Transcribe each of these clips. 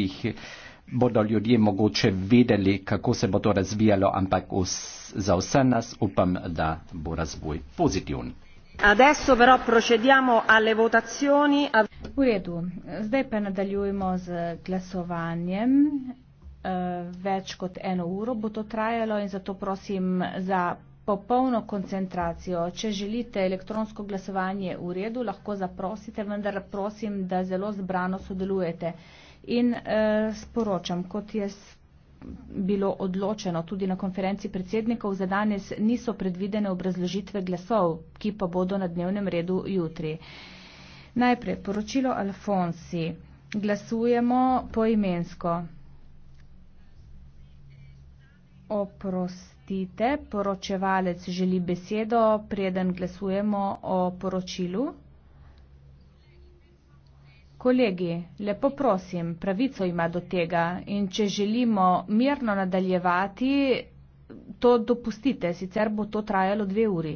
letih eh, bodo ljudje mogoče vedeli, kako se bo to razvijalo, ampak vs, za vse nas upam, da bo razvoj pozitiven. Adesso però procediamo alle votazioni. V redu, zdaj pa nadaljujemo z glasovanjem. Eh, več kot eno uro bo to trajalo in zato prosim za popolno koncentracijo. Če želite elektronsko glasovanje v redu, lahko zaprosite, vendar prosim, da zelo zbrano sodelujete in eh, sporočam, kot je bilo odločeno tudi na konferenci predsednikov, za danes niso predvidene obrazložitve glasov, ki pa bodo na dnevnem redu jutri. Najprej poročilo Alfonsi. Glasujemo poimensko. Oprostite, poročevalec želi besedo, preden glasujemo o poročilu. Kolegi, lepo prosim, pravico ima do tega in če želimo mirno nadaljevati, to dopustite, sicer bo to trajalo dve uri.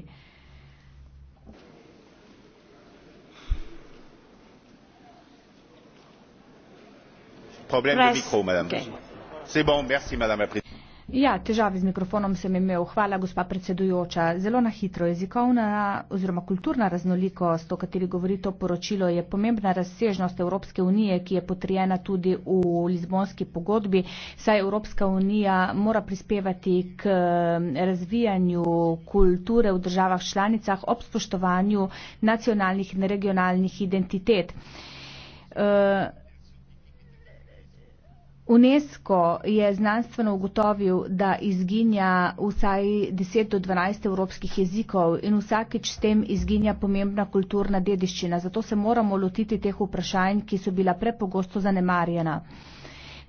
Problem Press. ni nikomu, madame. Okay. C'est bon, merci, madame la Ja, težave z mikrofonom sem imel. Hvala, gospa predsedujoča. Zelo na hitro jezikovna oziroma kulturna raznolikost, o kateri govori to poročilo, je pomembna razsežnost Evropske unije, ki je potrjena tudi v Lizbonski pogodbi, saj Evropska unija mora prispevati k razvijanju kulture v državah članicah ob spoštovanju nacionalnih in regionalnih identitet. Uh, UNESCO je znanstveno ugotovil, da izginja vsaj 10 do 12 evropskih jezikov in vsakič s tem izginja pomembna kulturna dediščina. Zato se moramo lotiti teh vprašanj, ki so bila prepogosto zanemarjena.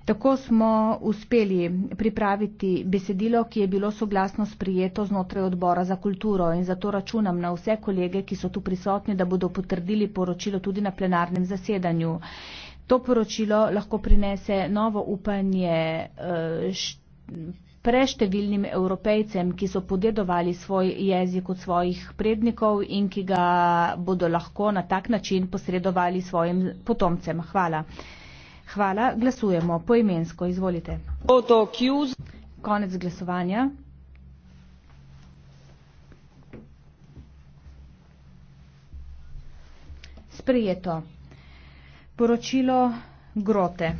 Tako smo uspeli pripraviti besedilo, ki je bilo soglasno sprijeto znotraj odbora za kulturo in zato računam na vse kolege, ki so tu prisotni, da bodo potrdili poročilo tudi na plenarnem zasedanju to poročilo lahko prinese novo upanje eh, preštevilnim evropejcem, ki so podedovali svoj jezik od svojih prednikov in ki ga bodo lahko na tak način posredovali svojim potomcem. Hvala. Hvala. Glasujemo poimensko. Izvolite. Konec glasovanja. Sprijeto. Poročilo grote.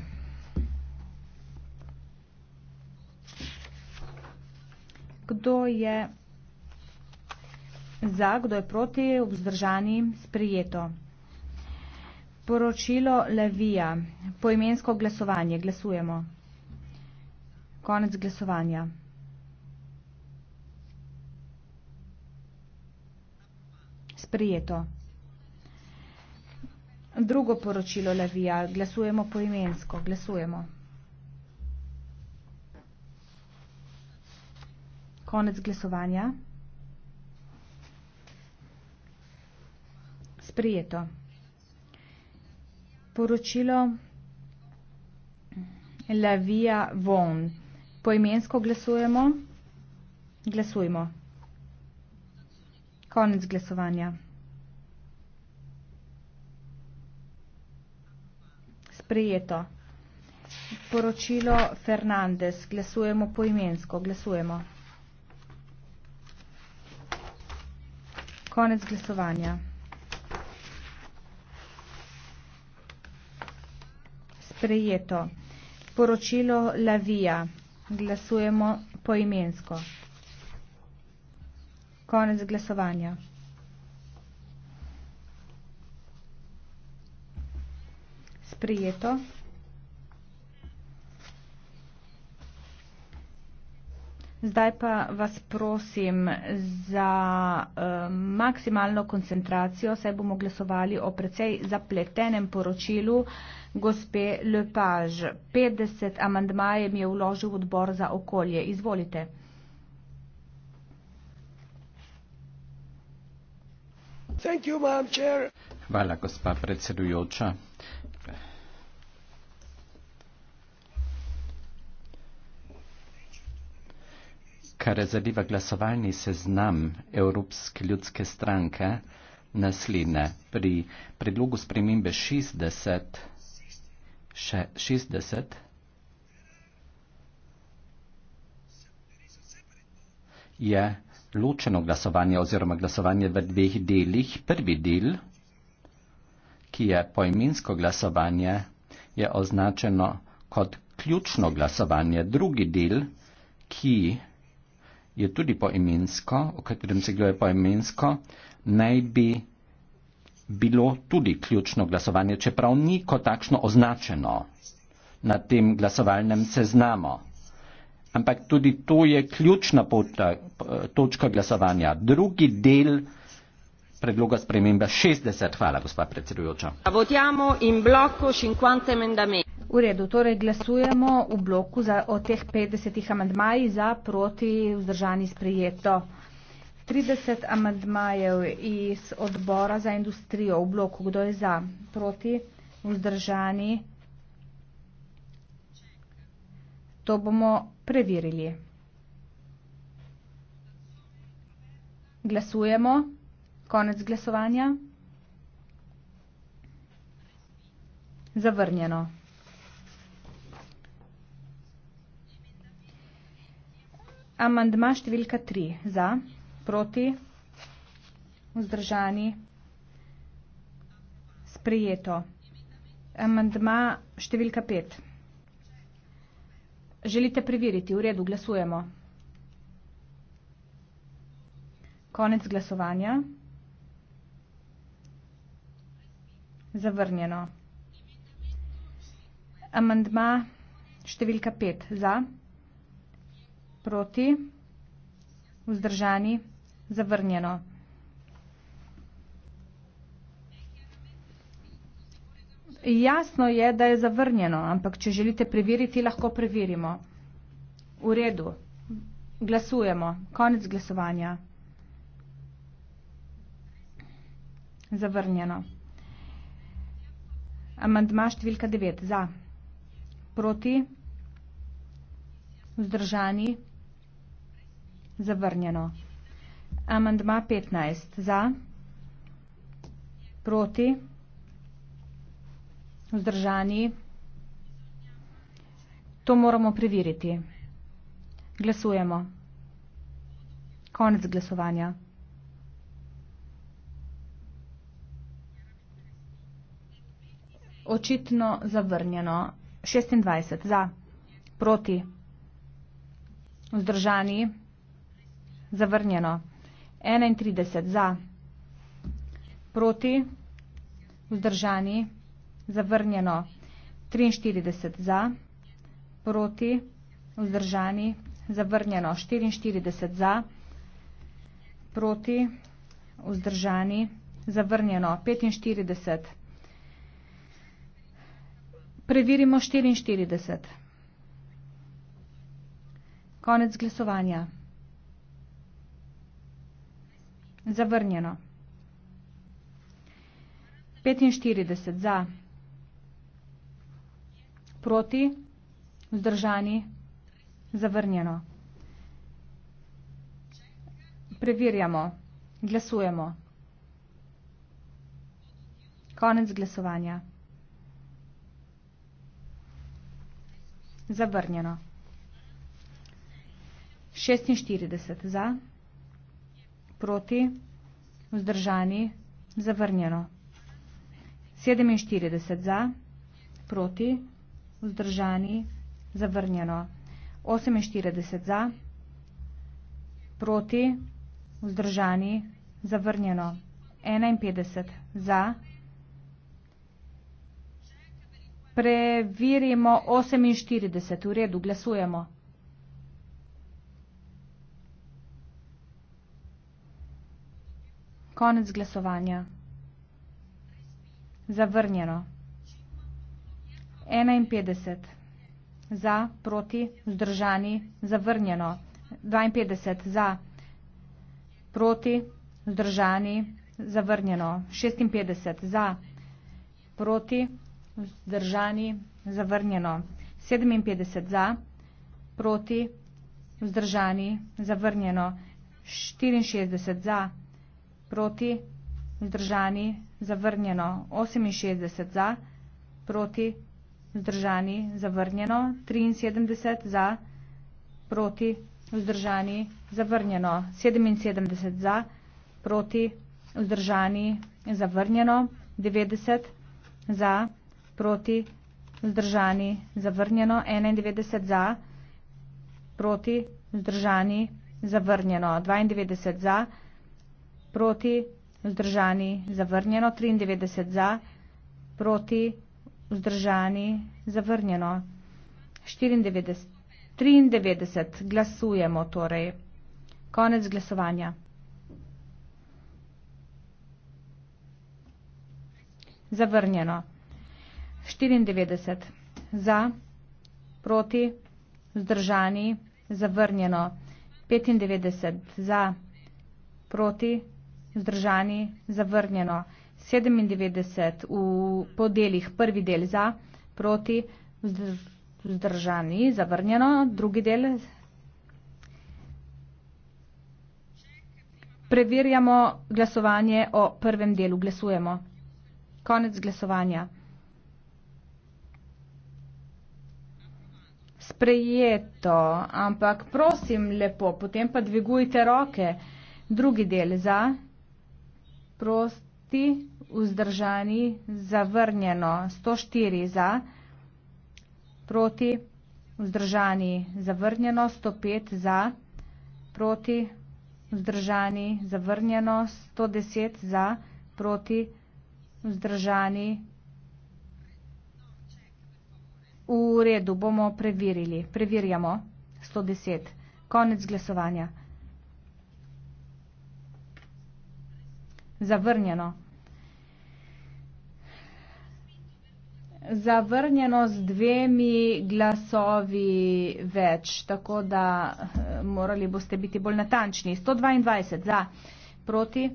Kdo je za, kdo je proti, obzdržani, sprijeto. Poročilo Levija. Poimensko glasovanje. Glasujemo. Konec glasovanja. Sprijeto. Drugo poročilo Levija, glasujemo poimensko, glasujemo. Konec glasovanja. Sprijeto. Poročilo Levija von. Poimensko glasujemo, glasujemo. Konec glasovanja. sprejeto. Poročilo Fernandez. Glasujemo po imensko. Glasujemo. Konec glasovanja. Sprejeto. Poročilo Lavija. Glasujemo po imensko. Konec glasovanja. sprijeto. Zdaj pa vas prosim za um, maksimalno koncentracijo, saj bomo glasovali o precej zapletenem poročilu gospe Lepage. 50 amandmajem je vložil odbor za okolje. Izvolite. Hvala, gospa predsedujoča. kar zadeva glasovalni seznam Evropske ljudske stranke, naslednje. Pri predlogu spremembe 60, še 60, je ločeno glasovanje oziroma glasovanje v dveh delih. Prvi del, ki je poimensko glasovanje, je označeno kot ključno glasovanje. Drugi del, ki je tudi poimensko, o katerem se gleda poimensko, naj bi bilo tudi ključno glasovanje, čeprav ni kot takšno označeno na tem glasovalnem seznamu. Ampak tudi to je ključna pota, točka glasovanja. Drugi del predloga spremembe 60. Hvala, gospod predsedujoča. V redu, torej glasujemo v bloku za, o teh 50 amandmajih za proti vzdržani sprejeto. 30 amandmajev iz odbora za industrijo v bloku, kdo je za, proti vzdržani. To bomo preverili. Glasujemo. Konec glasovanja. Zavrnjeno. Amandma številka 3. Za, proti, vzdržani, sprejeto. Amandma številka 5. Želite preveriti? V redu, glasujemo. Konec glasovanja. Zavrnjeno. Amandma številka 5. Za proti, vzdržani, zavrnjeno. Jasno je, da je zavrnjeno, ampak če želite preveriti, lahko preverimo. V redu. Glasujemo. Konec glasovanja. Zavrnjeno. Amandma številka 9. Za. Proti. Vzdržani. Vzdržani. Zavrnjeno. Amandma 15. Za. Proti. Vzdržani. To moramo preveriti. Glasujemo. Konec glasovanja. Očitno zavrnjeno. 26. Za. Proti. Vzdržani. Vzdržani. Zavrnjeno. 31 za. Proti. Vzdržani. Zavrnjeno. 43 za. Proti. Vzdržani. Zavrnjeno. 44 za. Proti. Vzdržani. Zavrnjeno. 45. Preverimo 44. Konec glasovanja. Zavrnjeno. 45 za. Proti. Vzdržani. Zavrnjeno. Preverjamo. Glasujemo. Konec glasovanja. Zavrnjeno. 46 za. 46 za proti, vzdržani, zavrnjeno. 47 za, proti, vzdržani, zavrnjeno. 48 za, proti, vzdržani, zavrnjeno. 51 za, preverimo 48, v redu, glasujemo. Konec glasovanja. Zavrnjeno. 51. Za, proti, vzdržani, zavrnjeno. 52. Za, proti, vzdržani, zavrnjeno. 56. Za, proti, vzdržani, zavrnjeno. 57. Za, proti, vzdržani, zavrnjeno. 64. Za, proti, vzdržani, zavrnjeno. 64. Za, proti, vzdržani, zavrnjeno, 68 za, proti, vzdržani, zavrnjeno, 73 za, proti, vzdržani, zavrnjeno, 77 za, proti, vzdržani, zavrnjeno, 90 za, proti, vzdržani, zavrnjeno, 91 za, proti, vzdržani, zavrnjeno, 92 za, proti, vzdržani, zavrnjeno, 92 za, proti, vzdržani, zavrnjeno, 93 za, proti, vzdržani, zavrnjeno, 94, 93 glasujemo torej. Konec glasovanja. Zavrnjeno. 94 za, proti, vzdržani, zavrnjeno, 95 za, proti, vzdržani vzdržani, zavrnjeno 97, v podelih prvi del za, proti, vzdržani, zavrnjeno, drugi del. Preverjamo glasovanje o prvem delu, glasujemo. Konec glasovanja. Sprejeto, ampak prosim lepo, potem pa dvigujte roke. Drugi del za proti, vzdržani, zavrnjeno, 104 za, proti, vzdržani, zavrnjeno, 105 za, proti, vzdržani, zavrnjeno, 110 za, proti, vzdržani, v redu, bomo preverili, preverjamo, 110, konec glasovanja. zavrnjeno. Zavrnjeno z dvemi glasovi več, tako da eh, morali boste biti bolj natančni. 122 za, proti,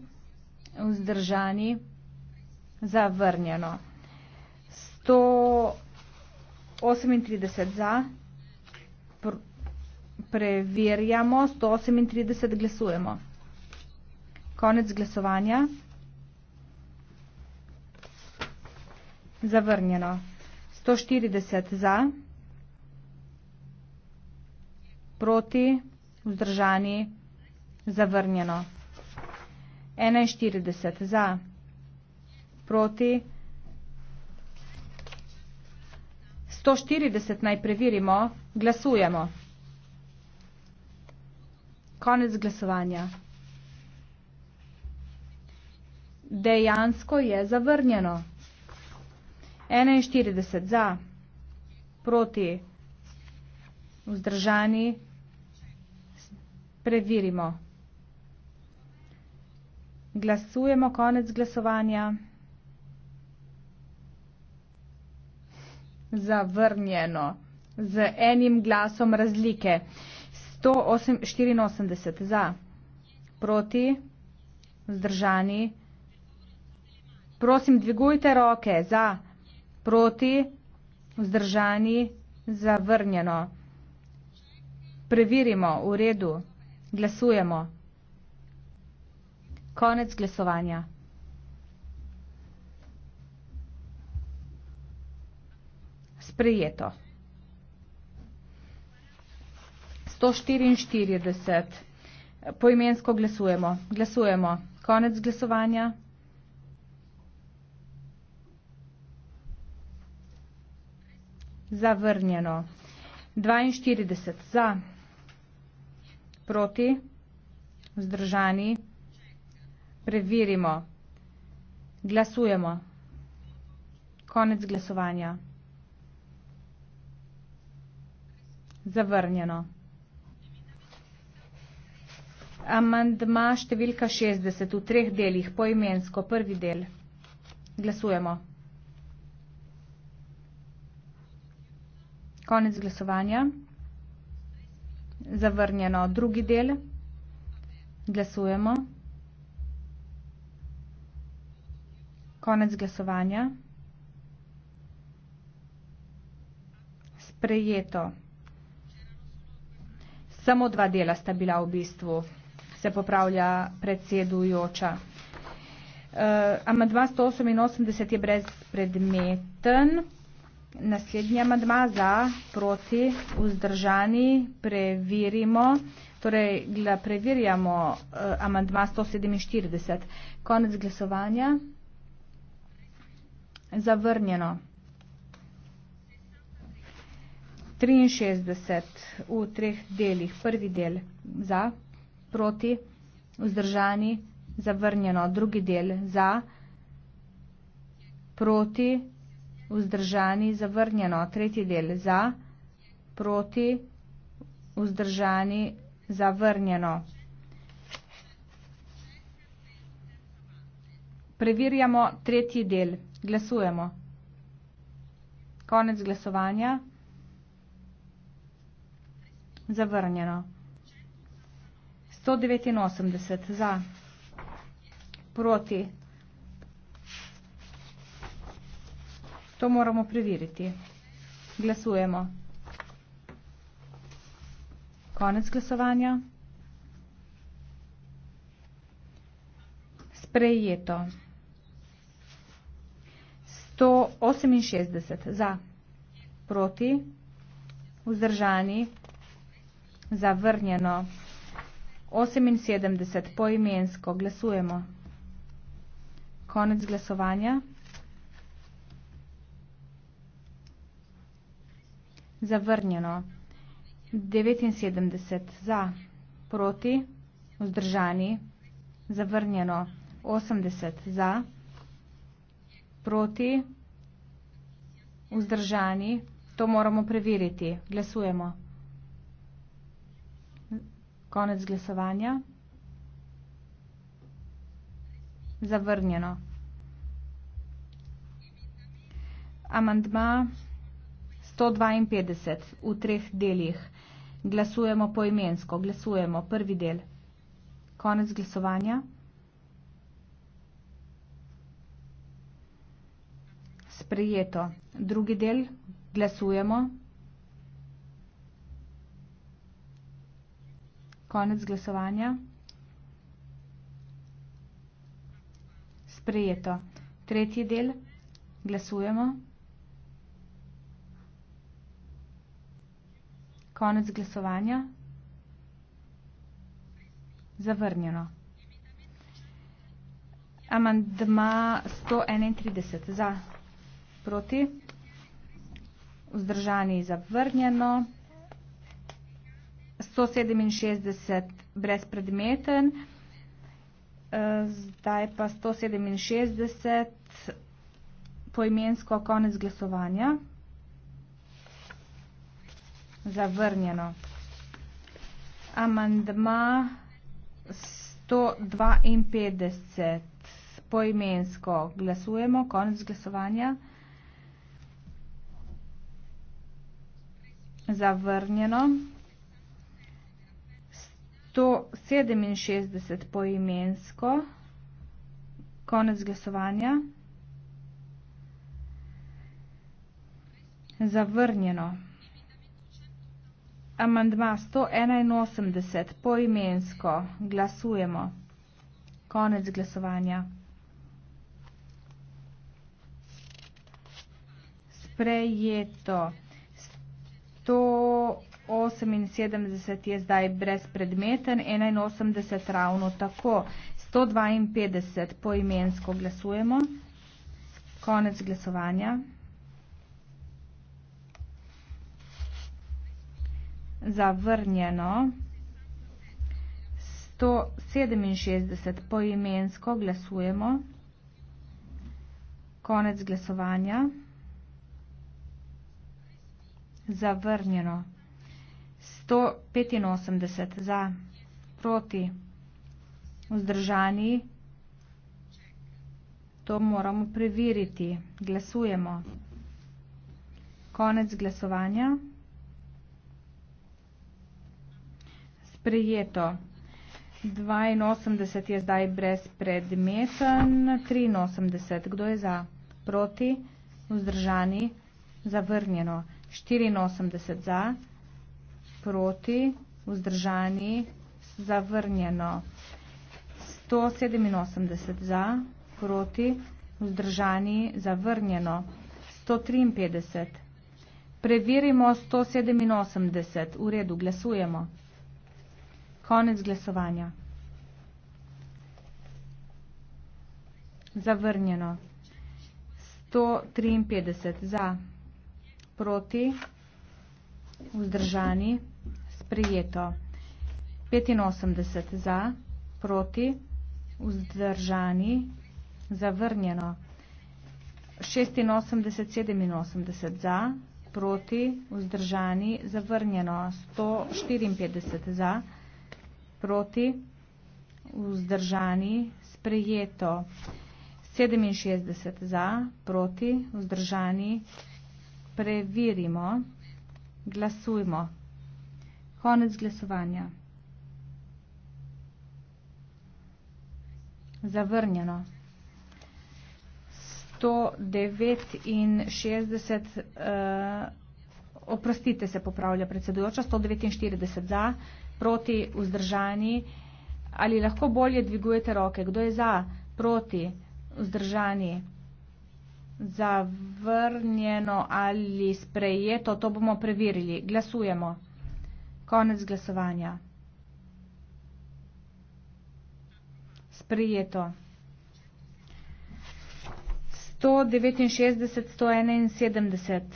vzdržani, zavrnjeno. 138 za, preverjamo, 138 glasujemo. Konec glasovanja. Zavrnjeno. 140 za, proti, vzdržani, zavrnjeno. 41 za, proti, 140 naj preverimo, glasujemo. Konec glasovanja dejansko je zavrnjeno. 41 za, proti, vzdržani, preverimo. Glasujemo konec glasovanja. Zavrnjeno. Z enim glasom razlike. 184 za, proti, vzdržani, preverimo. Prosim, dvigujte roke za, proti, vzdržani, zavrnjeno. Preverimo, v redu, glasujemo. Konec glasovanja. Sprejeto. 144. Poimensko glasujemo. Glasujemo. Konec glasovanja. zavrnjeno. 42 za, proti, vzdržani, preverimo, glasujemo, konec glasovanja, zavrnjeno. Amandma številka 60 v treh delih, poimensko, prvi del, glasujemo. Glasujemo. Konec glasovanja. Zavrnjeno drugi del. Glasujemo. Konec glasovanja. Sprejeto. Samo dva dela sta bila v bistvu, se popravlja predsedujoča. Uh, Amadva 188 je brezpredmeten. Naslednji amadma za, proti, vzdržani, preverimo, torej preverjamo eh, amadma 147. Konec glasovanja. Zavrnjeno. 63 v treh delih. Prvi del za, proti, vzdržani, zavrnjeno. Drugi del za, proti, vzdržani, zavrnjeno, tretji del za, proti, vzdržani, zavrnjeno. Preverjamo tretji del, glasujemo. Konec glasovanja, zavrnjeno. 189 za, proti, To moramo preveriti. Glasujemo. Konec glasovanja. Sprejeto. 168 za, proti, vzdržani, zavrnjeno. 78 poimensko. Glasujemo. Konec glasovanja. zavrnjeno, 79 za, proti, vzdržani, zavrnjeno, 80 za, proti, vzdržani, to moramo preveriti, glasujemo. Konec glasovanja. Zavrnjeno. Amandma 152 v treh delih. Glasujemo poimensko, glasujemo prvi del. Konec glasovanja. Sprejeto. Drugi del. Glasujemo. Konec glasovanja. Sprejeto. Tretji del. Glasujemo. Glasujemo. Konec glasovanja. Zavrnjeno. Amandma 131 za proti. Vzdržani zavrnjeno. 167 brezpredmeten. Eh, zdaj pa 167 poimensko konec glasovanja zavrnjeno. Amandma 152 poimensko glasujemo, konec glasovanja. Zavrnjeno. 167 poimensko, konec glasovanja. Zavrnjeno amandma 181 poimensko. Glasujemo. Konec glasovanja. Sprejeto. 178 je zdaj brezpredmeten, 81 ravno tako. 152 poimensko glasujemo. Konec glasovanja. zavrnjeno 167 poimensko glasujemo. Konec glasovanja. Zavrnjeno 185 za proti vzdržani. To moramo preveriti. Glasujemo. Konec glasovanja. sprejeto. 82 je zdaj brezpredmeten, 83, kdo je za, proti, vzdržani, zavrnjeno, 84 za, proti, vzdržani, zavrnjeno, 187 za, proti, vzdržani, zavrnjeno, 153. Preverimo 187, v redu, glasujemo. Konec glasovanja. Zavrnjeno. 153 za, proti, vzdržani, sprejeto. 85 za, proti, vzdržani, zavrnjeno. 86, 87 za, proti, vzdržani, zavrnjeno. 154 za, proti, vzdržani, zavrnjeno proti, vzdržani, sprejeto. 67 za, proti, vzdržani, preverimo, glasujmo. Konec glasovanja. Zavrnjeno. 169, uh, eh, oprostite se, popravlja predsedujoča, 149 za, proti vzdržani. Ali lahko bolje dvigujete roke? Kdo je za, proti vzdržani? Zavrnjeno ali sprejeto, to bomo preverili. Glasujemo. Konec glasovanja. Sprejeto. 169, 171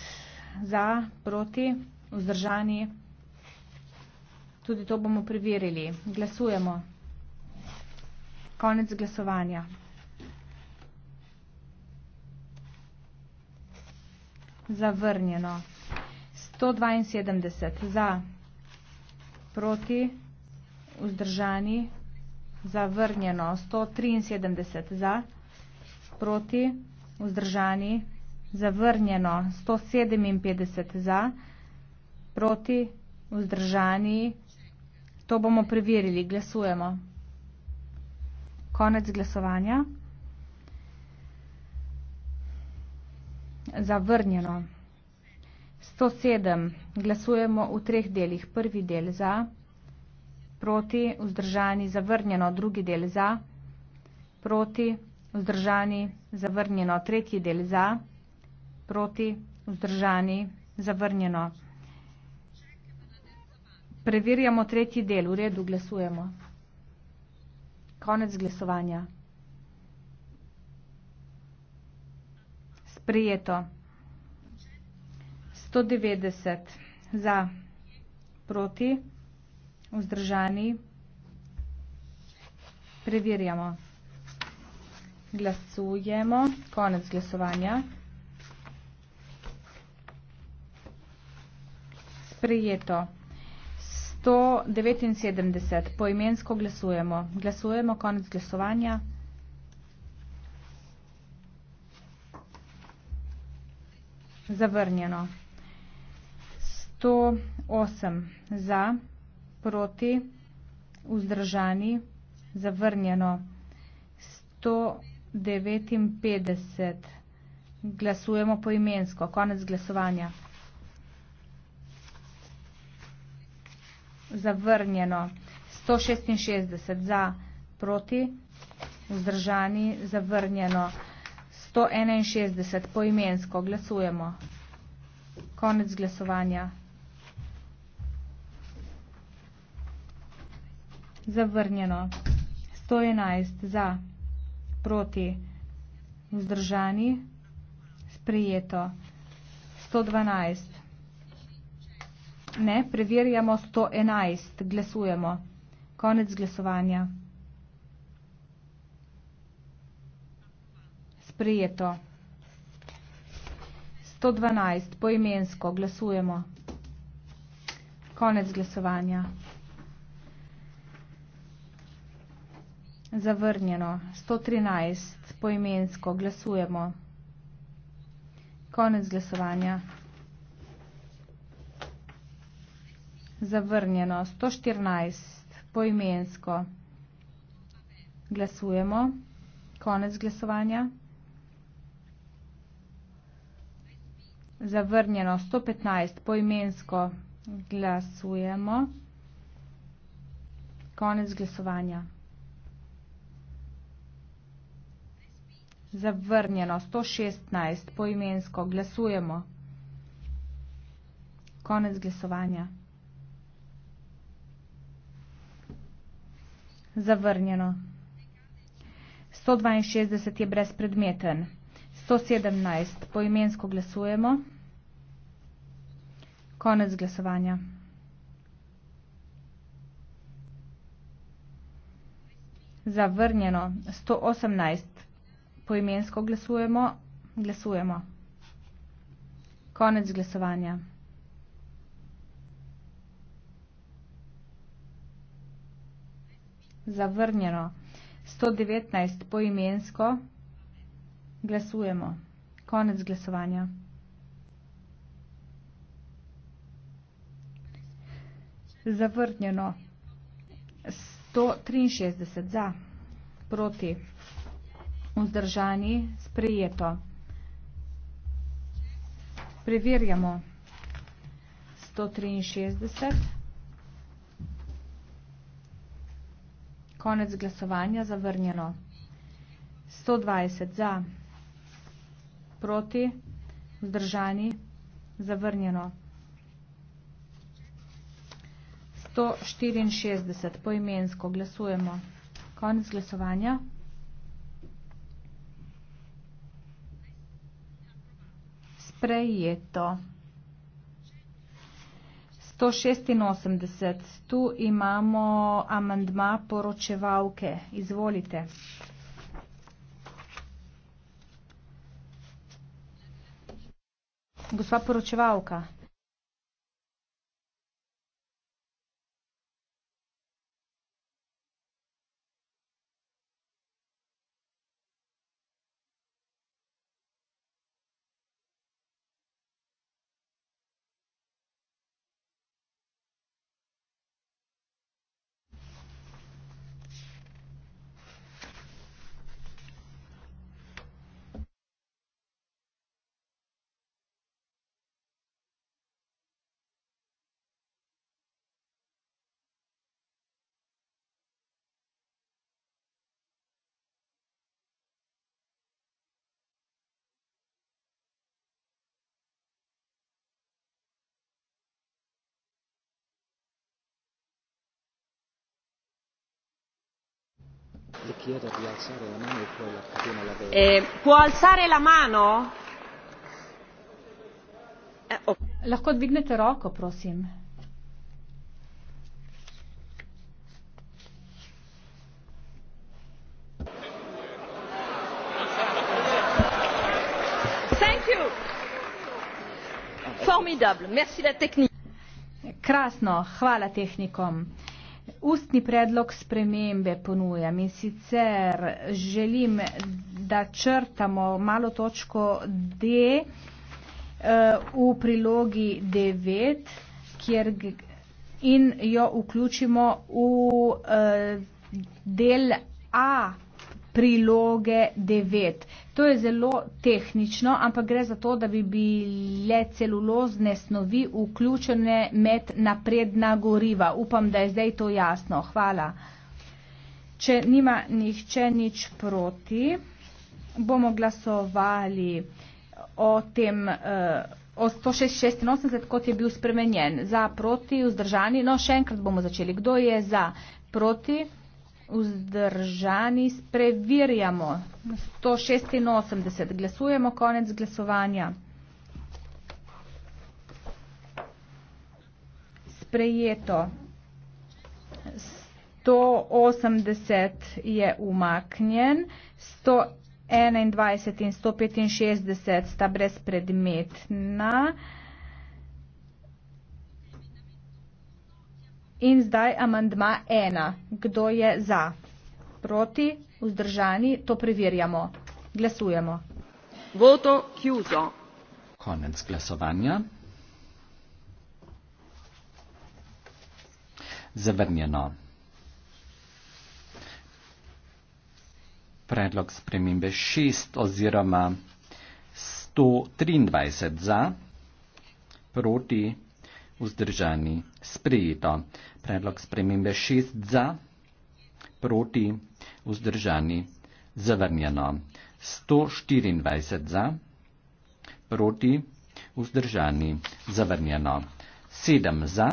za, proti, vzdržani. Tudi to bomo preverili. Glasujemo. Konec glasovanja. Zavrnjeno. 172 za, proti, vzdržani, zavrnjeno. 173 za, proti, vzdržani, zavrnjeno. 157 za, proti, vzdržani, To bomo preverili. Glasujemo. Konec glasovanja. Zavrnjeno. 107. Glasujemo v treh delih. Prvi del za, proti, vzdržani, zavrnjeno. Drugi del za, proti, vzdržani, zavrnjeno. Tretji del za, proti, vzdržani, zavrnjeno. Preverjamo tretji del. V redu glasujemo. Konec glasovanja. Sprijeto. 190 za proti vzdržani. Preverjamo. Glasujemo. Konec glasovanja. Sprijeto. 179. Poimensko glasujemo. Glasujemo konec glasovanja. Zavrnjeno. 108. Za, proti, vzdržani, zavrnjeno. 159. Glasujemo poimensko. Konec glasovanja. zavrnjeno. 166 za, proti, vzdržani, zavrnjeno. 161 poimensko, glasujemo. Konec glasovanja. Zavrnjeno. 111 za, proti, vzdržani, sprijeto. 112. Ne, preverjamo 111. Glasujemo. Konec glasovanja. Sprejeto. 112. Poimensko. Glasujemo. Konec glasovanja. Zavrnjeno. 113. Poimensko. Glasujemo. Konec glasovanja. zavrnjeno, 114 poimensko. Glasujemo, konec glasovanja. Zavrnjeno, 115 poimensko. Glasujemo, konec glasovanja. Zavrnjeno, 116 poimensko. Glasujemo, konec glasovanja. zavrnjeno. 162 je brezpredmeten. 117 poimensko glasujemo. Konec glasovanja. Zavrnjeno. 118 poimensko glasujemo. Glasujemo. Konec glasovanja. zavrnjeno. 119 poimensko glasujemo. Konec glasovanja. Zavrnjeno. 163 za, proti, vzdržani, sprejeto. Preverjamo. 163. Konec glasovanja zavrnjeno. 120 za, proti, vzdržani, zavrnjeno. 164 poimensko glasujemo. Konec glasovanja. Sprejeto. 186. Tu imamo amandma poročevalke. Izvolite. Gospa poročevalka, E eh, può alzare la mano? Eh, oh. lahko dvignete roko prosim. Krasno, hvala tehnikom ustni predlog spremembe ponujam in sicer želim, da črtamo malo točko D eh, v prilogi 9, kjer in jo vključimo v eh, del A priloge 9. To je zelo tehnično, ampak gre za to, da bi bile celulozne snovi vključene med napredna goriva. Upam, da je zdaj to jasno. Hvala. Če nima nihče nič proti, bomo glasovali o tem. Uh, O 186, kot je bil spremenjen, za, proti, vzdržani. No, še enkrat bomo začeli. Kdo je za, proti? vzdržani, preverjamo 186, glasujemo konec glasovanja. Sprejeto 180 je umaknjen, 121 in 165 sta brezpredmetna. In zdaj amandma ena. Kdo je za? Proti, vzdržani, to preverjamo. Glasujemo. Voto chiuso. Konec glasovanja. Zavrnjeno. Predlog spremembe 6 oziroma 123 za, proti vzdržani. Sprejeto. Predlog spremembe 6 za, proti, vzdržani, zavrnjeno. 124 za, proti, vzdržani, zavrnjeno. 7 za,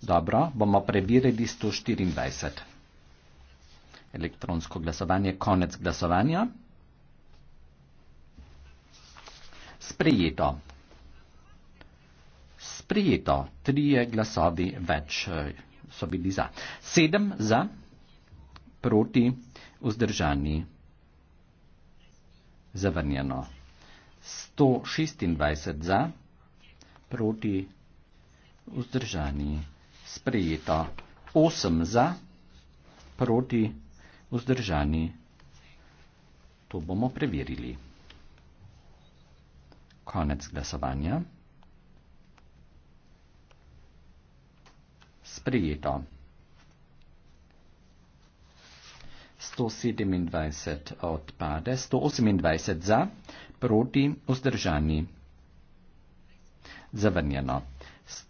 dobro, bomo preverili 124. Elektronsko glasovanje, konec glasovanja. Sprejeto sprejeto. Trije glasovi več eh, so bili za. Sedem za, proti, vzdržani, zavrnjeno. 126 za, proti, vzdržani, sprejeto. 8 za, proti, vzdržani. To bomo preverili. Konec glasovanja. sprijeto. 127 odpade, 128 za, proti vzdržani. Zavrnjeno.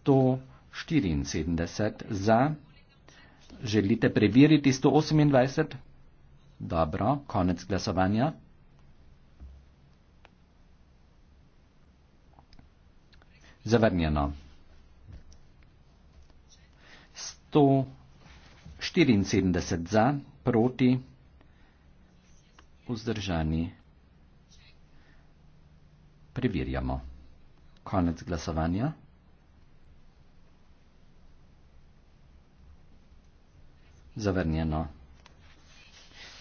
174 za. Želite preveriti 128? Dobro, konec glasovanja. Zavrnjeno. 174 za, proti, vzdržani. Preverjamo. Konec glasovanja. Zavrnjeno.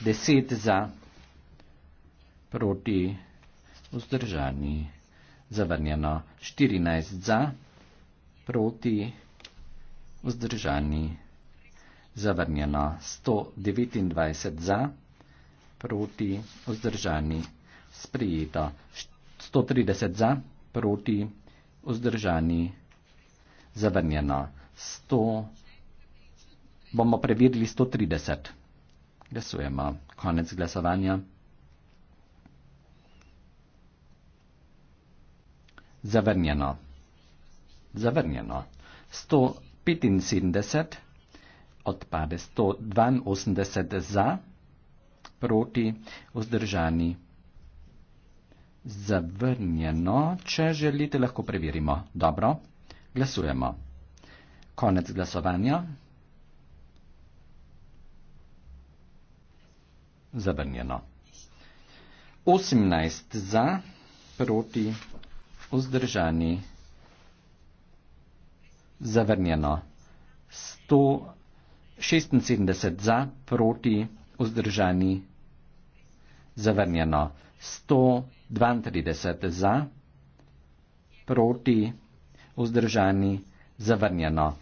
10 za, proti, vzdržani. Zavrnjeno. 14 za, proti, vzdržani vzdržani. Zavrnjeno 129 za, proti vzdržani, sprijeto 130 za, proti vzdržani, zavrnjeno 100, bomo preverili 130. Glasujemo. Konec glasovanja. Zavrnjeno. Zavrnjeno. 100. 75 odpade 182 za, proti vzdržani. Zavrnjeno, če želite, lahko preverimo. Dobro, glasujemo. Konec glasovanja. Zavrnjeno. 18 za, proti vzdržani zavrnjeno. 176 za, proti, vzdržani, zavrnjeno. 132 za, proti, vzdržani, zavrnjeno.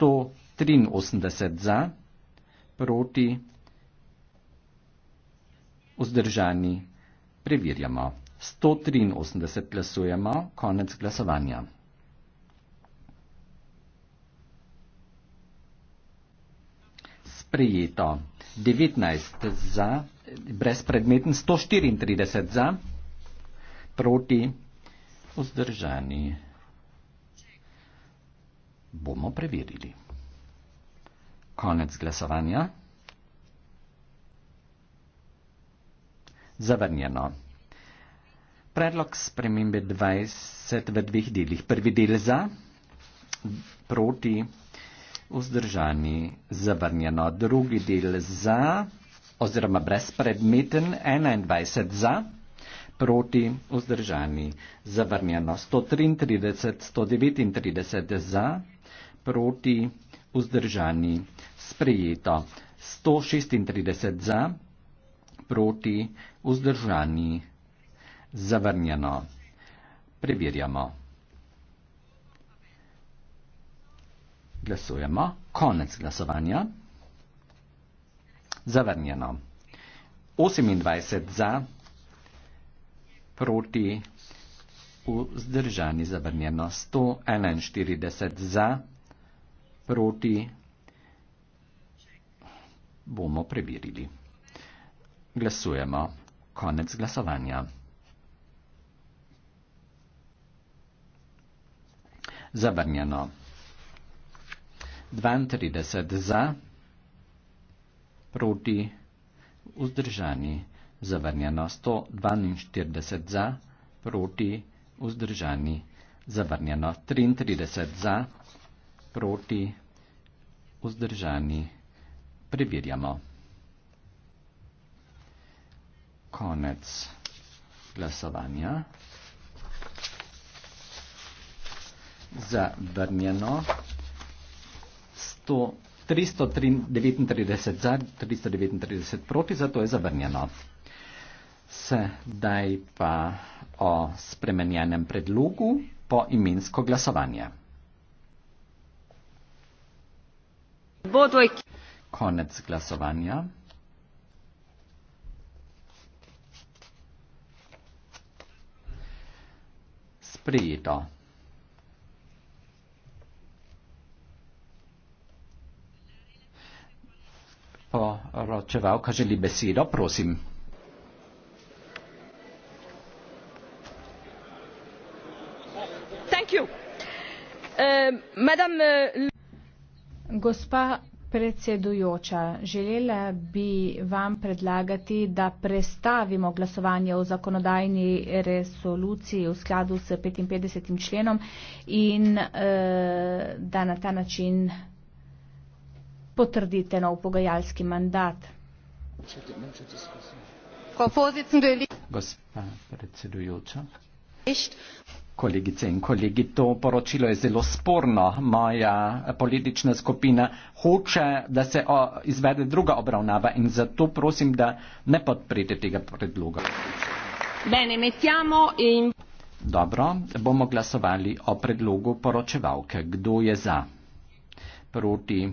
183 za, proti, vzdržani, preverjamo. 183 glasujemo, konec glasovanja. sprejeto 19 za, brezpredmeten 134 za, proti vzdržani. Bomo preverili. Konec glasovanja. Zavrnjeno. Predlog spremembe 20 v dveh delih. Prvi del za, proti vzdržani vzdržani, zabrnjeno. Drugi del za, oziroma brezpredmeten, 21 za, proti vzdržani, zabrnjeno. 133, 139 za, proti vzdržani, sprejeto. 136 za, proti vzdržani, zavrnjeno. Preverjamo. Glasujemo. Konec glasovanja. Zavrnjeno. 28 za, proti, vzdržani zavrnjeno. 141 za, proti, bomo preverili. Glasujemo. Konec glasovanja. Zavrnjeno. 32 za, proti, vzdržani, zavrnjeno 142 za, proti, vzdržani, zavrnjeno 33 za, proti, vzdržani, preverjamo. Konec glasovanja. Zavrnjeno 339 proti, zato je zavrnjeno. Sedaj pa o spremenjenem predlogu po imensko glasovanje. Konec glasovanja. Sprejeto. Črvalka želi besedo, prosim. Eh, eh, Gospa predsedujoča, želela bi vam predlagati, da prestavimo glasovanje o zakonodajni resoluciji v skladu s 55. členom in eh, da na ta način potrdite nov pogajalski mandat. Frau Vorsitzende, gospa predsedujoča. Kolegice in kolegi, to poročilo je zelo sporno. Moja politična skupina hoče, da se izvede druga obravnava in zato prosim, da ne podprete tega predloga. Bene, mettiamo in... Dobro, bomo glasovali o predlogu poročevalke. Kdo je za? Proti?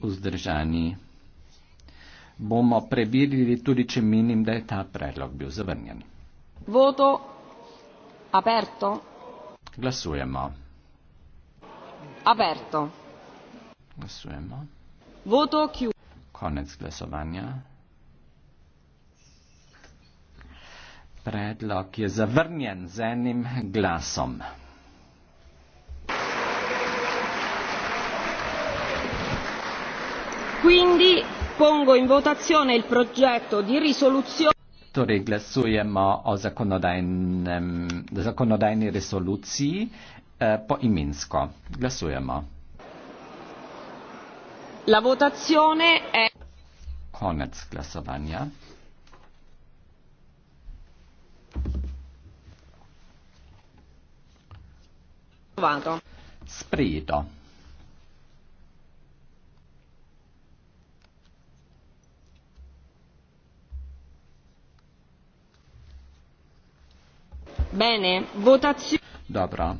Vzdržani? bomo prebirili, tudi če menim, da je ta predlog bil zavrnjen. Voto aperto. Glasujemo. Aperto. Glasujemo. Voto chiuso. Konec glasovanja. Predlog je zavrnjen z enim glasom. Quindi pongo in votazione il progetto di risoluzione. Torej glasujemo o zakonodajnem, zakonodajni resoluciji eh, po imensko. Glasujemo. La votazione è. Konec glasovanja. Sprejeto. Bene, votazione. Dobra.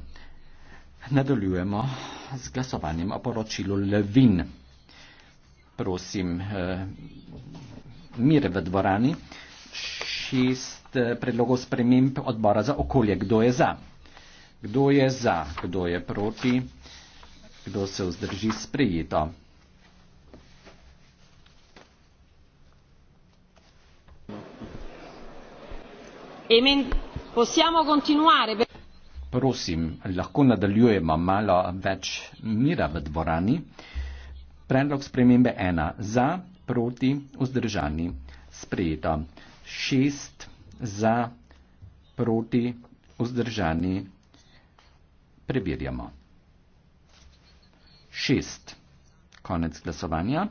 Nadaljujemo z glasovanjem o poročilu Levin. Prosim, eh, mir v dvorani. Šest eh, predlogov sprememb odbora za okolje. Kdo je za? Kdo je za? Kdo je proti? Kdo se vzdrži sprejeto? Amen. Possiamo continuare. Prosim, lahko nadaljujemo malo več mira v dvorani. Predlog spremembe ena za, proti, vzdržani. Sprejeto. Šest za, proti, vzdržani. Preverjamo. Šest. Konec glasovanja.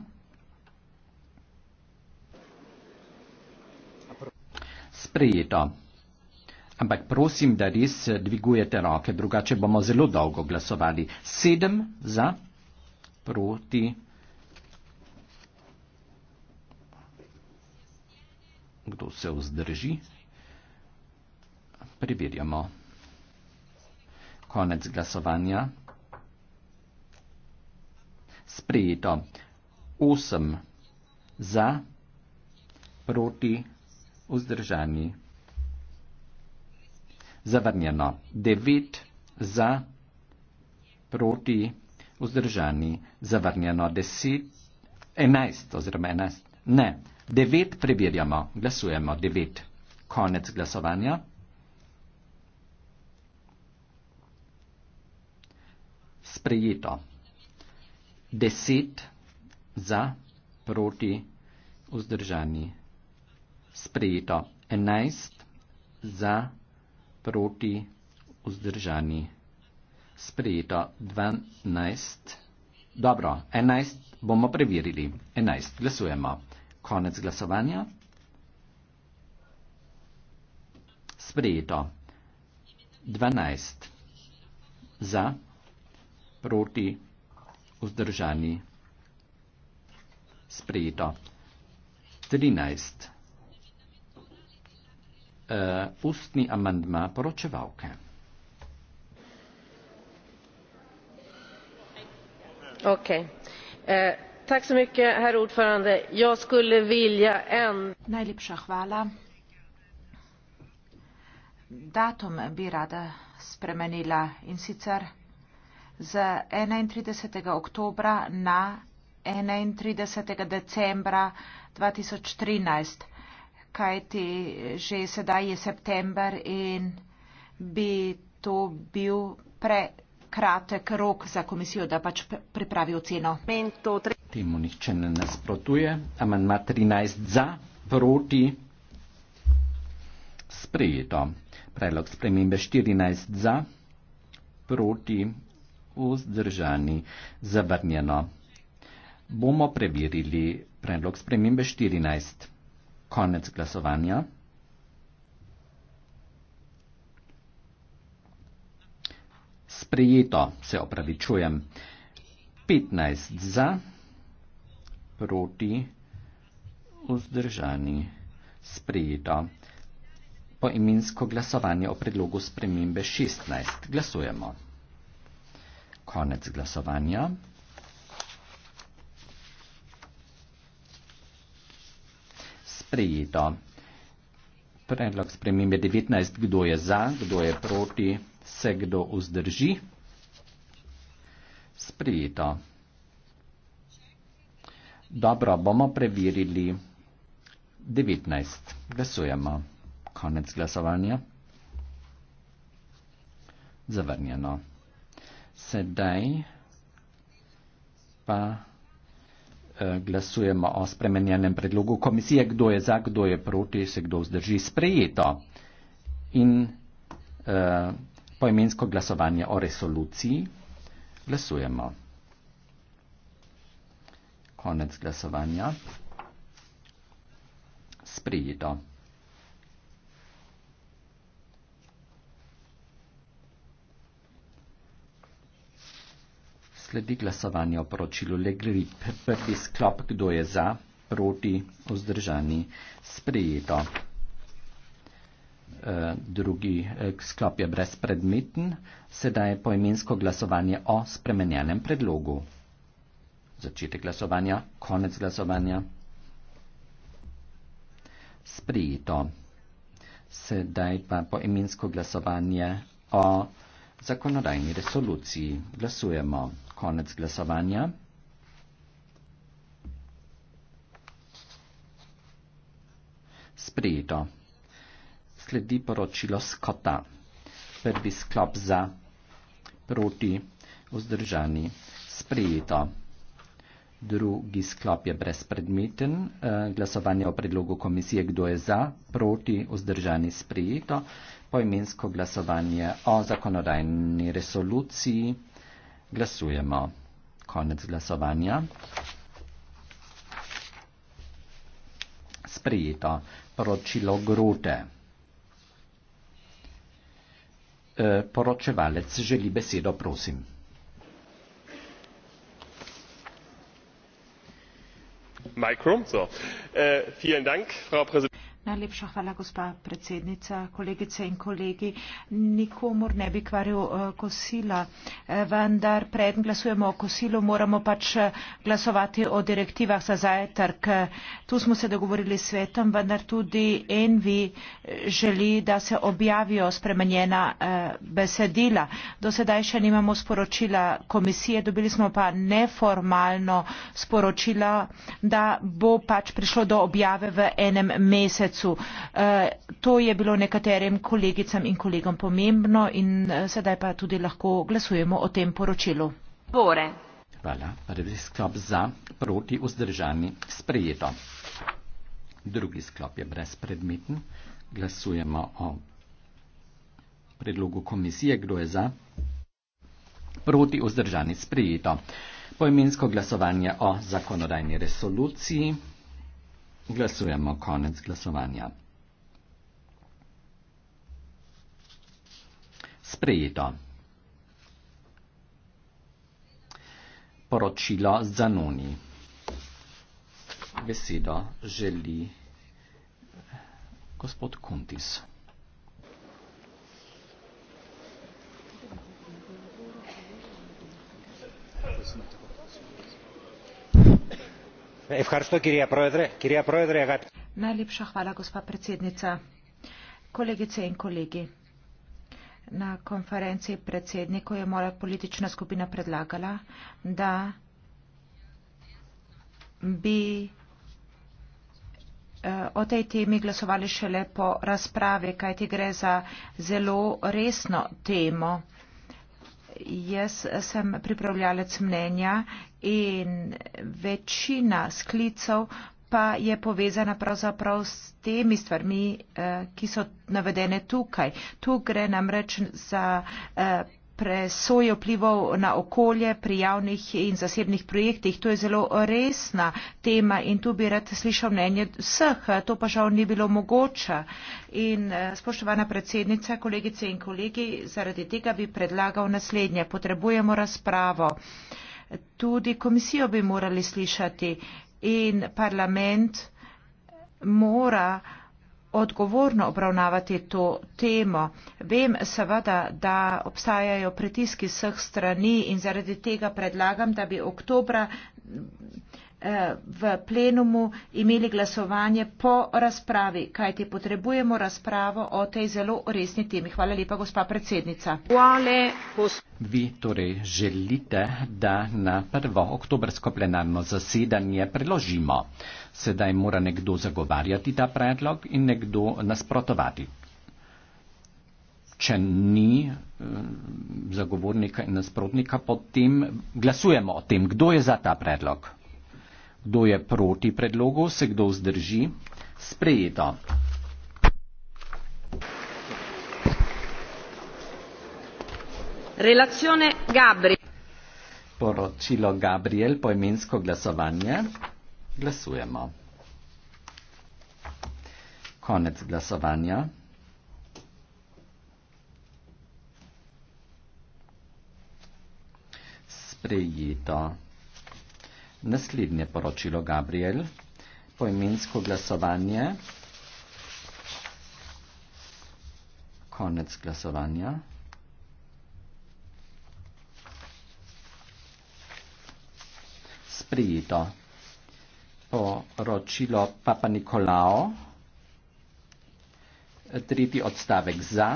Sprejeto ampak prosim, da res eh, dvigujete roke, drugače bomo zelo dolgo glasovali. Sedem za, proti. Kdo se vzdrži? Preverjamo. Konec glasovanja. Sprejeto. Osem za, proti, vzdržani zavrnjeno. 9 za, proti, vzdržani, zavrnjeno. 10, 11 oziroma 11. Ne, 9 preverjamo, glasujemo 9. Konec glasovanja. Sprejeto. 10 za, proti, vzdržani. Sprejeto. 11 za, proti proti vzdržani. Sprejeto 12. Dobro, 11 bomo preverili. 11. Glasujemo. Konec glasovanja. Sprejeto 12. Za, proti, vzdržani. Sprejeto 13 uh, ustni amandma poročevalke. Okay. Uh, tak so mykje, her ordförande. Jag skulle vilja en... Najlepša hvala. Datum bi rada spremenila in sicer z 31. oktobra na 31. decembra 2013 kajti že sedaj je september in bi to bil prekratek rok za komisijo, da pač pripravi oceno. Temu nihče ne nasprotuje. Amandma 13 za, proti, sprejeto. Predlog spremembe 14 za, proti, vzdržani, zavrnjeno. Bomo preverili predlog spremembe 14. Konec glasovanja. Sprejeto, se opravičujem. 15 za, proti, vzdržani. Sprejeto. Po imensko glasovanje o predlogu spremembe 16. Glasujemo. Konec glasovanja. sprejeto. Predlog spremembe 19. Kdo je za, kdo je proti, se kdo vzdrži? Sprejeto. Dobro, bomo preverili 19. Glasujemo. Konec glasovanja. Zavrnjeno. Sedaj pa glasujemo o spremenjenem predlogu komisije, kdo je za, kdo je proti, se kdo vzdrži sprejeto. In eh, poimensko glasovanje o resoluciji glasujemo. Konec glasovanja. Sprejeto. Sledi glasovanje o poročilu Le Grip. Prvi sklop, kdo je za, proti, vzdržani, sprejeto. E, drugi eh, sklop je brezpredmeten. Sedaj je poimensko glasovanje o spremenjenem predlogu. Začetek glasovanja, konec glasovanja. Sprejeto. Sedaj pa poimensko glasovanje o zakonodajni resoluciji. Glasujemo konec glasovanja. Sprejeto. Sledi poročilo Skota. Prvi sklop za proti vzdržani. Sprejeto. Drugi sklop je brezpredmeten. Eh, glasovanje o predlogu komisije, kdo je za, proti, vzdržani, sprejeto. Poimensko glasovanje o zakonodajni resoluciji. Glasujemo. Konec glasovanja. Sprejeto poročilo Grote. E, poročevalec želi besedo, prosim. Mikrofon, so. E, vielen Dank, Frau Präsidentin. Najlepša hvala, gospa predsednica, kolegice in kolegi. Nikomor ne bi kvaril eh, kosila, eh, vendar pred glasujemo o kosilu, moramo pač eh, glasovati o direktivah za zajtrk. Tu smo se dogovorili s svetom, vendar tudi NV želi, da se objavijo spremenjena besedila. Do sedaj še nimamo sporočila komisije, dobili smo pa neformalno sporočilo, da bo pač prišlo do objave v enem mesecu koncu. Eh, to je bilo nekaterim kolegicam in kolegom pomembno in eh, sedaj pa tudi lahko glasujemo o tem poročilu. Bore. Hvala. Prvi sklop za, proti, vzdržani, sprejeto. Drugi sklop je brezpredmeten. Glasujemo o predlogu komisije. Kdo je za? Proti, vzdržani, sprejeto. Poimensko glasovanje o zakonodajni resoluciji. Glasujemo konec glasovanja. Sprejeto. Poročilo za noni. Besedo želi gospod Kuntis. Thank you. Najlepša hvala, gospa predsednica. Kolegice in kolegi, na konferenci predsednikov je moja politična skupina predlagala, da bi eh, o tej temi glasovali šele po razprave, kajti gre za zelo resno temo jaz sem pripravljalec mnenja in večina sklicov pa je povezana pravzaprav s temi stvarmi, eh, ki so navedene tukaj. Tu gre namreč za eh, presoje vplivov na okolje pri javnih in zasebnih projektih. To je zelo resna tema in tu bi rad slišal mnenje vseh. To pa žal ni bilo mogoče. In eh, spoštovana predsednica, kolegice in kolegi, zaradi tega bi predlagal naslednje. Potrebujemo razpravo. Tudi komisijo bi morali slišati in parlament mora odgovorno obravnavati to temo. Vem seveda, da obstajajo pritiski vseh strani in zaradi tega predlagam, da bi oktobra eh, v plenumu imeli glasovanje po razpravi, kajti potrebujemo razpravo o tej zelo resni temi. Hvala lepa, gospa predsednica. Vi torej želite, da na prvo oktobrsko plenarno zasedanje preložimo sedaj mora nekdo zagovarjati ta predlog in nekdo nasprotovati. Če ni eh, zagovornika in nasprotnika, potem glasujemo o tem, kdo je za ta predlog, kdo je proti predlogu, se kdo vzdrži, sprejeto. Poročilo Gabriel, poimensko glasovanje glasujemo. Konec glasovanja. Sprejeto. Naslednje poročilo Gabriel. Poimensko glasovanje. Konec glasovanja. Sprejeto poročilo Papa Nikolao, tretji odstavek za,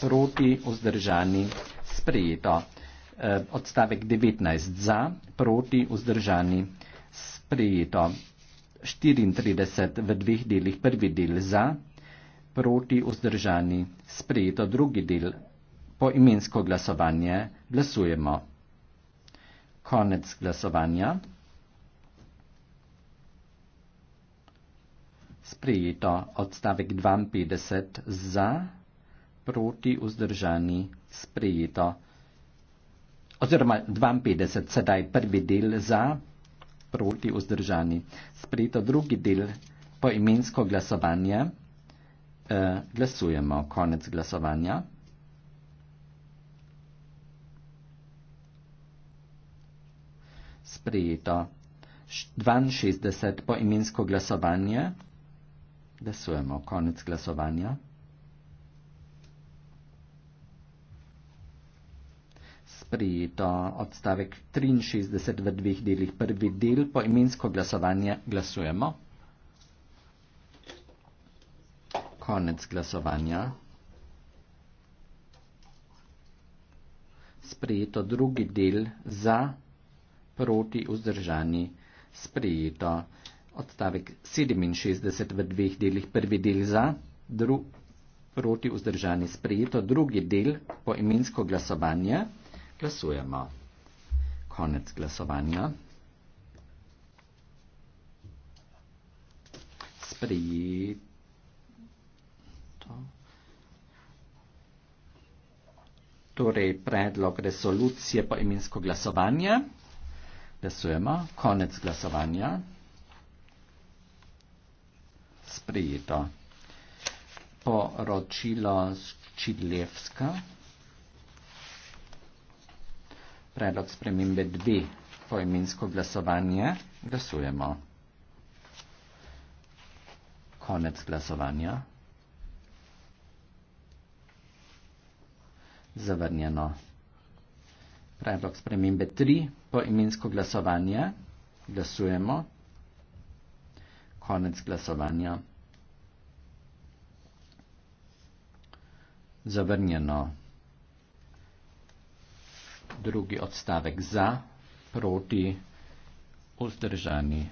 proti vzdržani sprejeto. Eh, odstavek 19 za, proti vzdržani sprejeto. 34 v dveh delih, prvi del za, proti vzdržani sprejeto, drugi del po imensko glasovanje glasujemo. Konec glasovanja. sprejeto odstavek 52 za, proti vzdržani sprejeto. Oziroma 52 sedaj prvi del za, proti vzdržani sprejeto drugi del poimensko glasovanje. E, glasujemo konec glasovanja. Sprejeto 62 poimensko glasovanje. Glasujemo. Konec glasovanja. Sprijeto odstavek 63 v dveh delih. Prvi del po imensko glasovanje glasujemo. Konec glasovanja. Sprijeto drugi del za proti vzdržani. Sprijeto odstavek 67 v dveh delih, prvi del za, drugi proti vzdržani sprejeto, drugi del po imensko glasovanje, glasujemo. Konec glasovanja. Sprejeto. Torej, predlog resolucije po imensko glasovanje. Glasujemo. Konec glasovanja sprejeto. Poročilo Ščidlevska. Predlog spremembe 2. Poimensko glasovanje. Glasujemo. Konec glasovanja. Zavrnjeno. Predlog spremembe 3. Poimensko glasovanje. Glasujemo. Konec glasovanja. zavrnjeno. Drugi odstavek za, proti, vzdržani,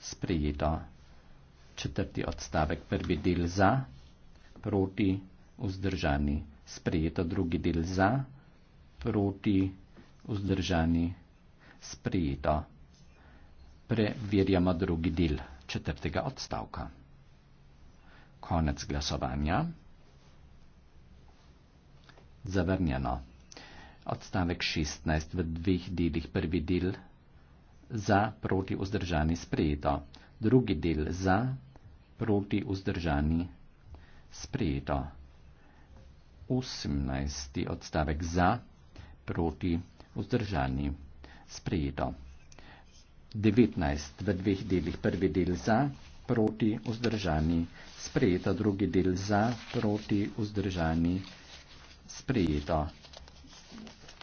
sprijeto. Četrti odstavek, prvi del za, proti, vzdržani, sprijeto. Drugi del za, proti, vzdržani, sprijeto. Preverjamo drugi del četrtega odstavka. Konec glasovanja zavrnjeno. Odstavek 16 v dveh delih. Prvi del za proti vzdržani sprejeto. Drugi del za proti vzdržani sprejeto. 18. odstavek za proti vzdržani sprejeto. 19. v dveh delih. Prvi del za proti vzdržani sprejeto. Drugi del za proti vzdržani sprejeto sprejeto.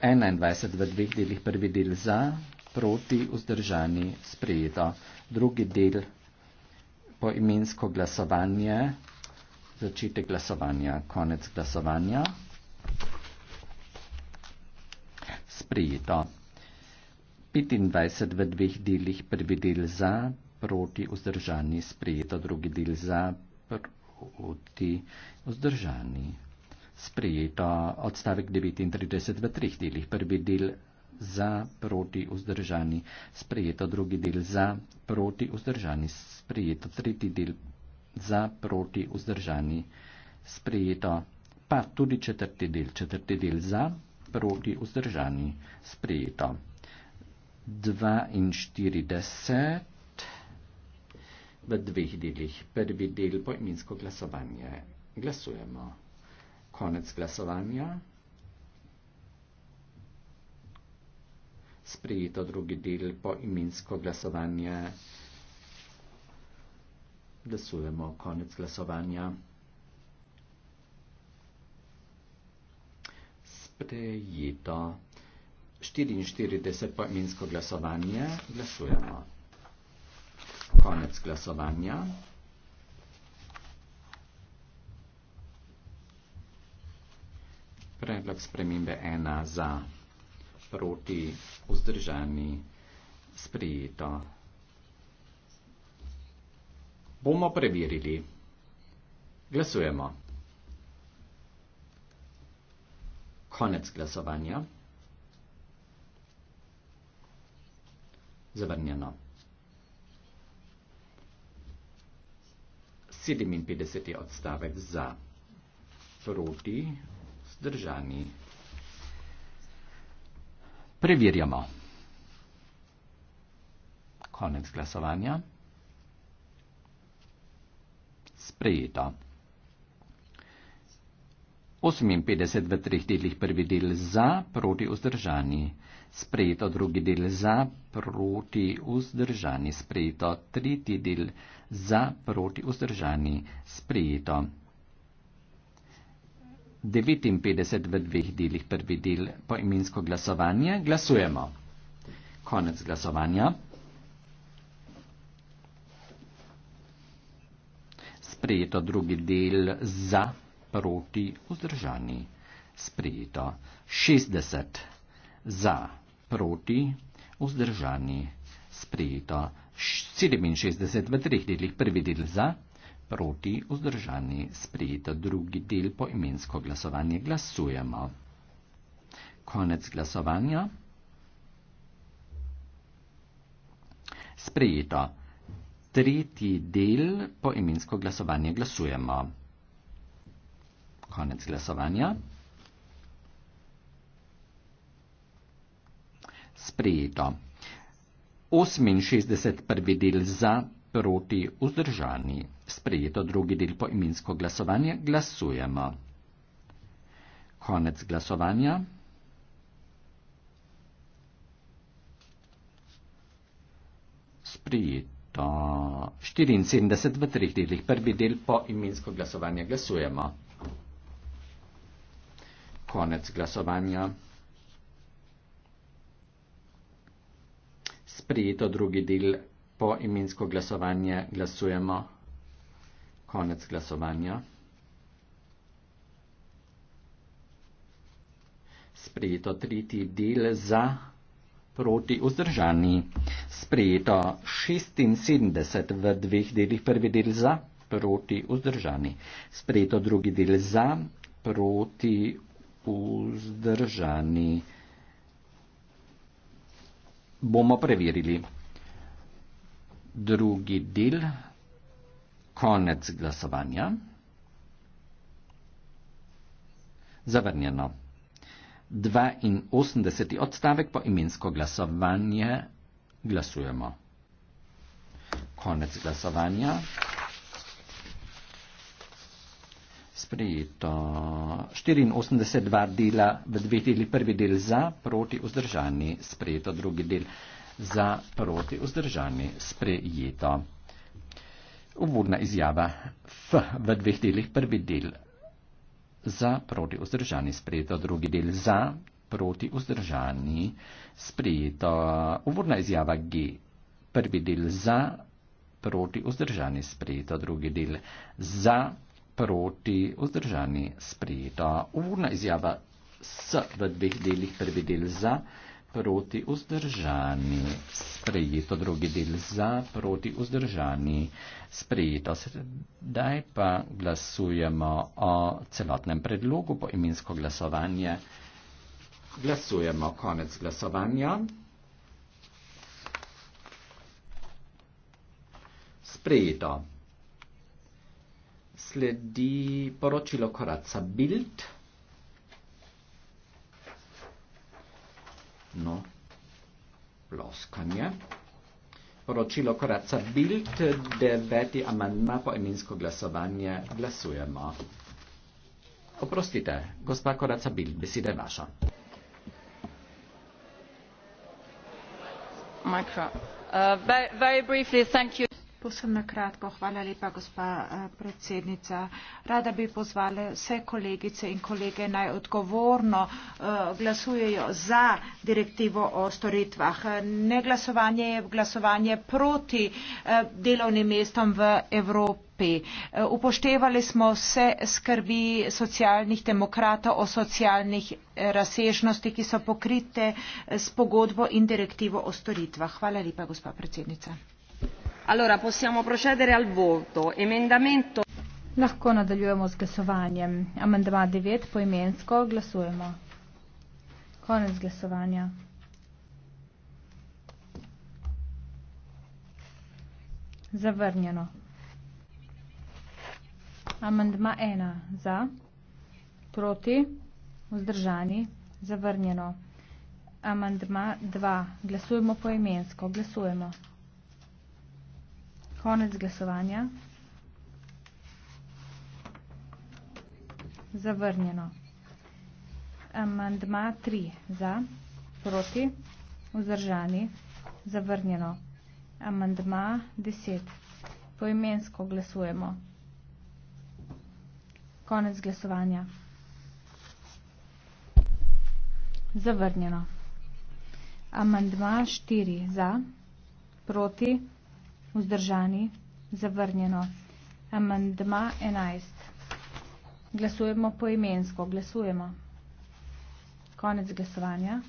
21 v dveh delih, prvi del za, proti, vzdržani, sprejeto. Drugi del po imensko glasovanje, začetek glasovanja, konec glasovanja, sprejeto. 25 v dveh delih, prvi del za, proti, vzdržani, sprejeto. Drugi del za, proti, vzdržani sprejeta odstavek 39 v treh delih. Prvi del za, proti, vzdržani, sprejeto drugi del za, proti, vzdržani, sprejeto tretji del za, proti, vzdržani, sprejeto pa tudi četrti del, četrti del za, proti, vzdržani, sprejeto. 42 v dveh delih. Prvi del poimensko glasovanje. Glasujemo. Konec glasovanja. Sprejeto drugi del po imensko glasovanje. Glasujemo. Konec glasovanja. Sprejeto. 44 po imensko glasovanje. Glasujemo. Konec glasovanja. Predlog spremembe ena za, proti, vzdržani, sprijeto. Bomo preverili. Glasujemo. Konec glasovanja. Zavrnjeno. 57. odstavek za, proti, vzdržani, sprijeto vzdržani. Preverjamo. Konec glasovanja. Sprejeto. 58 v treh delih prvi del za, proti vzdržani. Sprejeto drugi del za, proti vzdržani. Sprejeto tretji del za, proti vzdržani. Sprejeto 59 v dveh delih, prvi del poimensko glasovanje, glasujemo. Konec glasovanja. Sprejeto drugi del za, proti, vzdržani. Sprejeto 60 za, proti, vzdržani. Sprejeto 67 v treh delih, prvi del za proti, vzdržani, sprejeta drugi del po imensko glasovanje. Glasujemo. Konec glasovanja. Sprejeto. Tretji del po imensko glasovanje. Glasujemo. Konec glasovanja. Sprejeto. 68. del za, proti, vzdržani sprejeto drugi del po imensko glasovanje, glasujemo. Konec glasovanja. Sprijeto. 74 v treh delih. Prvi del po imensko glasovanje glasujemo. Konec glasovanja. Sprijeto drugi del po imensko glasovanje glasujemo. Konec glasovanja. Sprejeto tretji del za proti vzdržani. Sprejeto 76 v dveh delih. Prvi del za proti vzdržani. Sprejeto drugi del za proti vzdržani. Bomo preverili. Drugi del Konec glasovanja. Zavrnjeno. 82. odstavek po imensko glasovanje. Glasujemo. Konec glasovanja. Sprejeto. 84 dva dela v dveh deli. Prvi del za, proti vzdržani. Sprejeto drugi del za, proti vzdržani. Sprejeto. Uvodna izjava F v dveh delih. Prvi del za, proti vzdržani sprejeto, drugi del za, proti vzdržani sprejeto. Uvodna izjava G. Prvi del za, proti vzdržani sprejeto, drugi del za, proti vzdržani sprejeto. Uvodna izjava S v dveh delih. Prvi del za proti vzdržani, sprejeto, drugi del za, proti vzdržani, sprejeto. Sedaj pa glasujemo o celotnem predlogu po imensko glasovanje. Glasujemo konec glasovanja. Sprejeto. Sledi poročilo koraca Bild. ploskanje. Poročilo Koraca Bild, deveti amandma po eminsko glasovanje. Glasujemo. Oprostite, gospa Koraca Bild, beseda je vaša. Uh, very briefly, thank you. Posem na kratko, hvala lepa, gospa eh, predsednica. Rada bi pozvala vse kolegice in kolege naj odgovorno eh, glasujejo za direktivo o storitvah. Ne glasovanje je glasovanje proti eh, delovnim mestom v Evropi. Upoštevali smo vse skrbi socialnih demokratov o socialnih razsežnosti, ki so pokrite s pogodbo in direktivo o storitvah. Hvala lepa, gospa predsednica allora possiamo procedere al voto emendamento lahko nadaljujemo z glasovanjem amandma devet poimensko glasujemo konec glasovanja zavrnjeno amandma ena za proti vzdržani zavrnjeno amandma dva glasujemo poimensko glasujemo Konec glasovanja. Zavrnjeno. Amandma 3. Za. Proti. Vzdržani. Zavrnjeno. Amandma 10. Poimensko glasujemo. Konec glasovanja. Zavrnjeno. Amandma 4. Za. Proti. Vzdržani. Vzdržani? Zavrnjeno. Amandma 11. Glasujemo poimensko. Glasujemo. Konec glasovanja.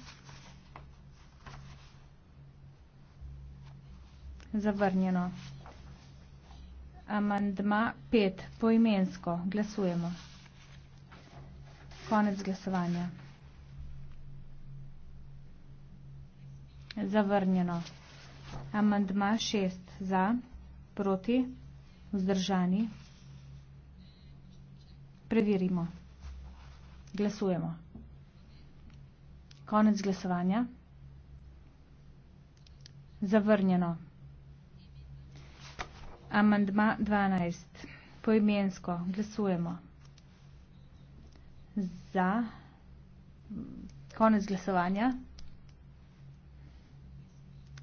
Zavrnjeno. Amandma 5. Poimensko. Glasujemo. Konec glasovanja. Zavrnjeno. Zavrnjeno. Amandma šest za, proti, vzdržani. Preverimo. Glasujemo. Konec glasovanja. Zavrnjeno. Amandma 12. Poimensko. Glasujemo. Za. Konec glasovanja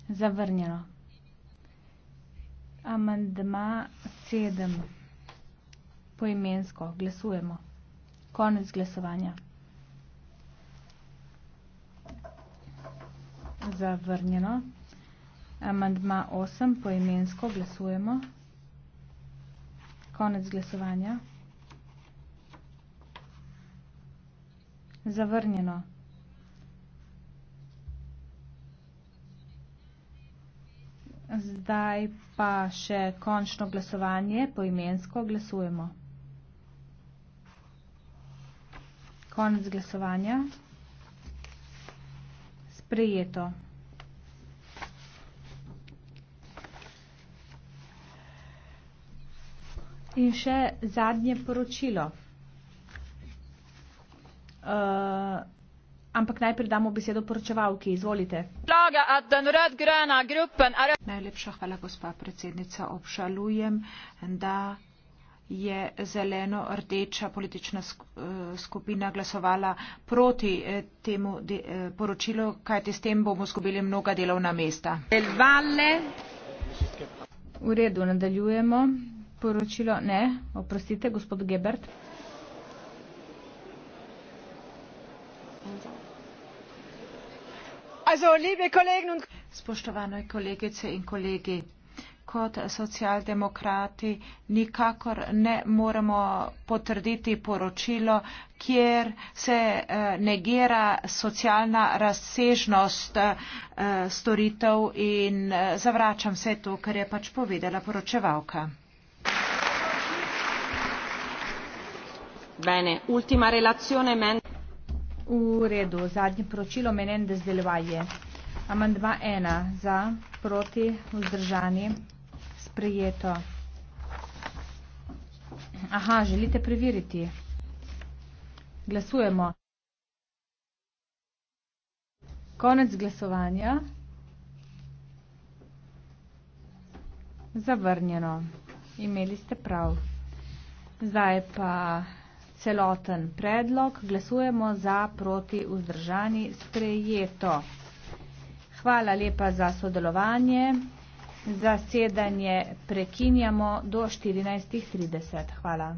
zavrnjeno. Amandma 7. Poimensko. Glasujemo. Konec glasovanja. Zavrnjeno. Amandma 8. Poimensko. Glasujemo. Konec glasovanja. Zavrnjeno. Zavrnjeno. Zdaj pa še končno glasovanje, poimensko glasujemo. Konec glasovanja. Sprejeto. In še zadnje poročilo. Uh, ampak najprej damo besedo poročevalki. Izvolite. Najlepša hvala, gospa predsednica. Obšalujem, da je zeleno-rdeča politična eh, skupina glasovala proti eh, temu eh, poročilu, kajte s tem bomo zgubili mnoga delovna mesta. V redu, nadaljujemo. Poročilo ne, oprostite, gospod Gebert. Also, liebe Kollegen und Spoštovane kolegice in kolegi, kot socialdemokrati nikakor ne moremo potrditi poročilo, kjer se eh, negira socialna razsežnost eh, storitev in eh, zavračam vse to, kar je pač povedala poročevalka. Bene, ultima relacione mentor. V redu, zadnje poročilo menem, da zdelovaje. Amandma 1 za proti vzdržani sprejeto. Aha, želite preveriti. Glasujemo. Konec glasovanja. Zavrnjeno. Imeli ste prav. Zdaj pa celoten predlog. Glasujemo za proti vzdržani sprejeto. Hvala lepa za sodelovanje. Zasedanje prekinjamo do 14.30. Hvala.